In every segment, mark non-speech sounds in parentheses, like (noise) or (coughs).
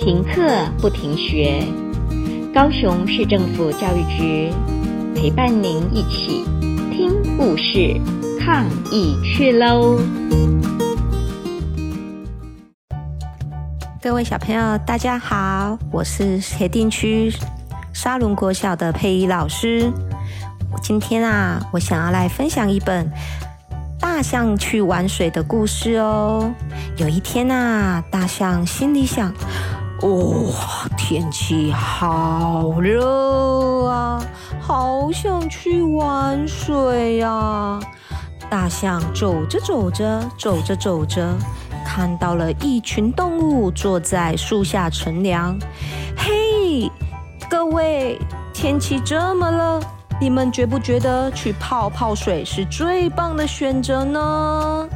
停課不停學，高雄市政府教育局陪伴您一起聽故事、抗疫去嘍！各位小朋友，大家好，我是茄萣區砂崙國小的佩宜老師。今天啊，我想要來分享一本《大象去玩水》的故事哦。有一天啊，大象心裡想。哇、哦，天氣好熱啊，好想去玩水呀、啊！大象走着走着，走着走着，看到了一群動物坐在樹下乘涼。嘿，各位，天氣這麼熱，你們覺不覺得去泡泡水是最棒的選擇呢？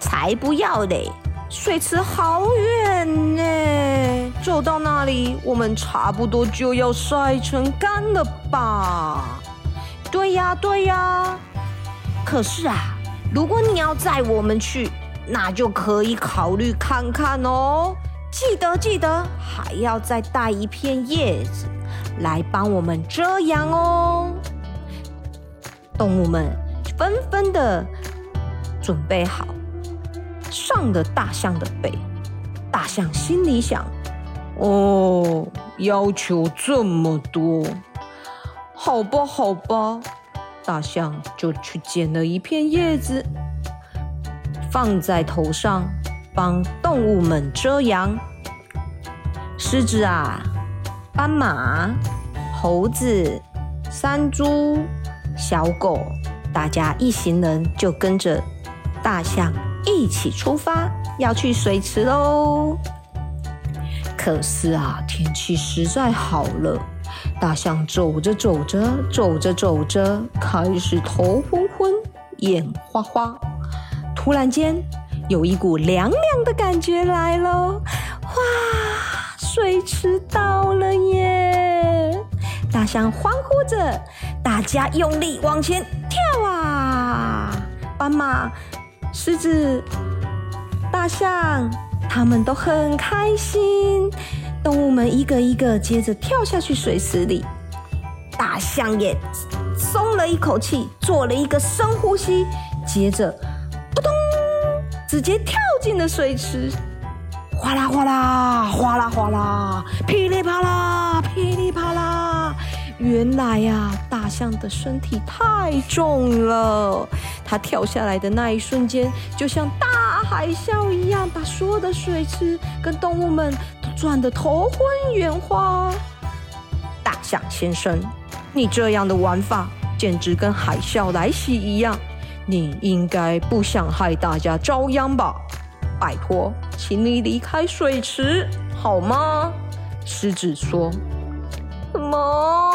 才不要嘞！水池好遠呢，走到那裡，我們差不多就要曬成乾了吧？對呀、啊，對呀、啊。可是啊，如果你要載我們去，那就可以考慮看看哦。記得，記得，還要再帶一片葉子來幫我們遮陽哦。動物們紛紛的準備好。上的大象的背，大象心裡想：“哦，要求這麼多，好吧，好吧。”大象就去撿了一片葉子，放在頭上，幫動物們遮陽。獅子啊，斑馬、猴子、山豬、小狗，大家一行人就跟着大象。一起出發，要去水池嘍！可是啊，天氣實在好了。大象走着走着，走着走着，開始頭昏昏，眼花花。突然間，有一股涼涼的感覺來咯。哇，水池到了耶！大象歡呼着，大家用力往前跳啊！斑馬。獅子、大象，它們都很開心。動物們一個一個接着跳下去水池裡，大象也鬆了一口氣，做了一個深呼吸，接着撲通，直接跳進了水池，嘩啦嘩啦，嘩啦嘩啦，噼裡啪啦，噼裡啪啦。原來呀、啊，大象的身體太重了，它跳下來的那一瞬間，就像大海嘯一樣，把所有的水池跟動物們都轉得頭昏眼花。大象先生，你這樣的玩法簡直跟海嘯來襲一樣，你應該不想害大家遭殃吧？拜托，請你離開水池好嗎？獅子說：“什麼？”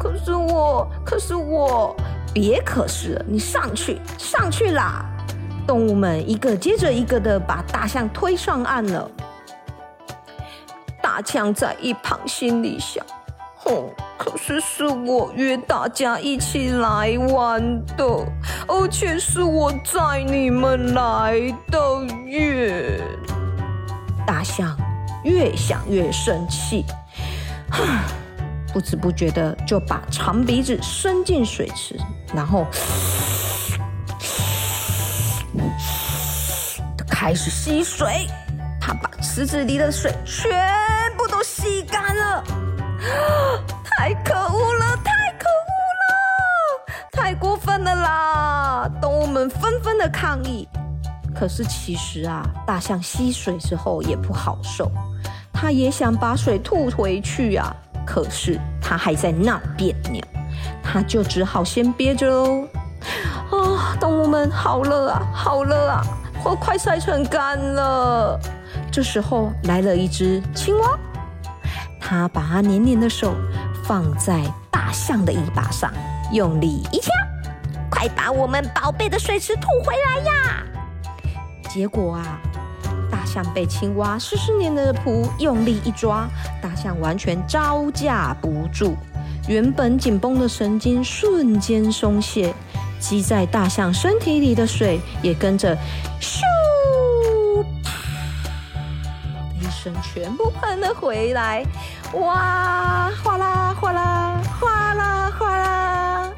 可是我，可是我，別可是了，你上去，上去啦！動物們一個接着一個的把大象推上岸了。大象在一旁心裡想：哼，可是是我約大家一起來玩的，而且是我載你們來的耶。大象越想越生氣，不知不覺的就把長鼻子伸進水池，然後嘶嘶嘶開始吸水。他把池子裡的水全部都吸乾了，太可惡了！太可惡了！太過分了啦！動物們紛紛的抗議。可是其實啊，大象吸水之後也不好受，它也想把水吐回去呀、啊。可是他還在鬧彆扭，他就只好先憋着嘍。啊，動物們好熱啊，好熱啊，我快曬成乾了。這時候來了一隻青蛙，他把他黏黏的手放在大象的尾巴上，用力一夾，快把我們寶貝的水池吐回來呀！結果啊。像被青蛙幾十年的蹼用力一抓，大象完全招架不住，原本緊繃的神經瞬間鬆懈，積在大象身體裡的水也跟着咻，噓的一聲全部噴了回來。哇，嘩啦嘩啦嘩啦嘩啦，嘩啦，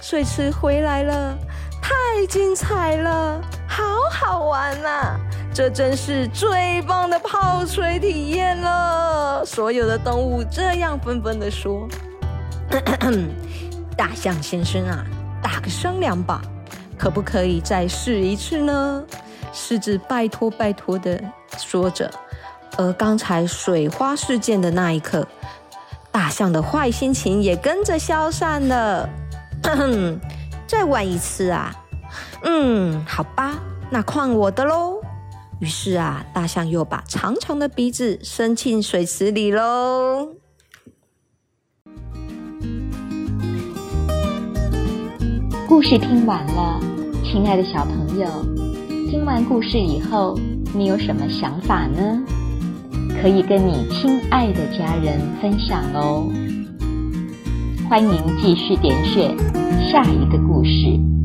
水池回來了，太精彩了，好好玩啊！這真是最棒的泡水體驗了！所有的動物這樣紛紛地說。 (coughs) 大象先生啊，打個商量吧，可不可以再試一次呢？獅子拜託拜託地說着。而剛才水花事件的那一刻，大象的壞心情也跟着消散了。 (coughs) 再玩一次啊！嗯，好吧，那換我的嘍。於是啊，大象又把長長的鼻子伸進水池裡嘍。故事聽完了，親愛的小朋友，聽完故事以後，你有什麼想法呢？可以跟你親愛的家人分享哦。歡迎繼續點選下一個故事。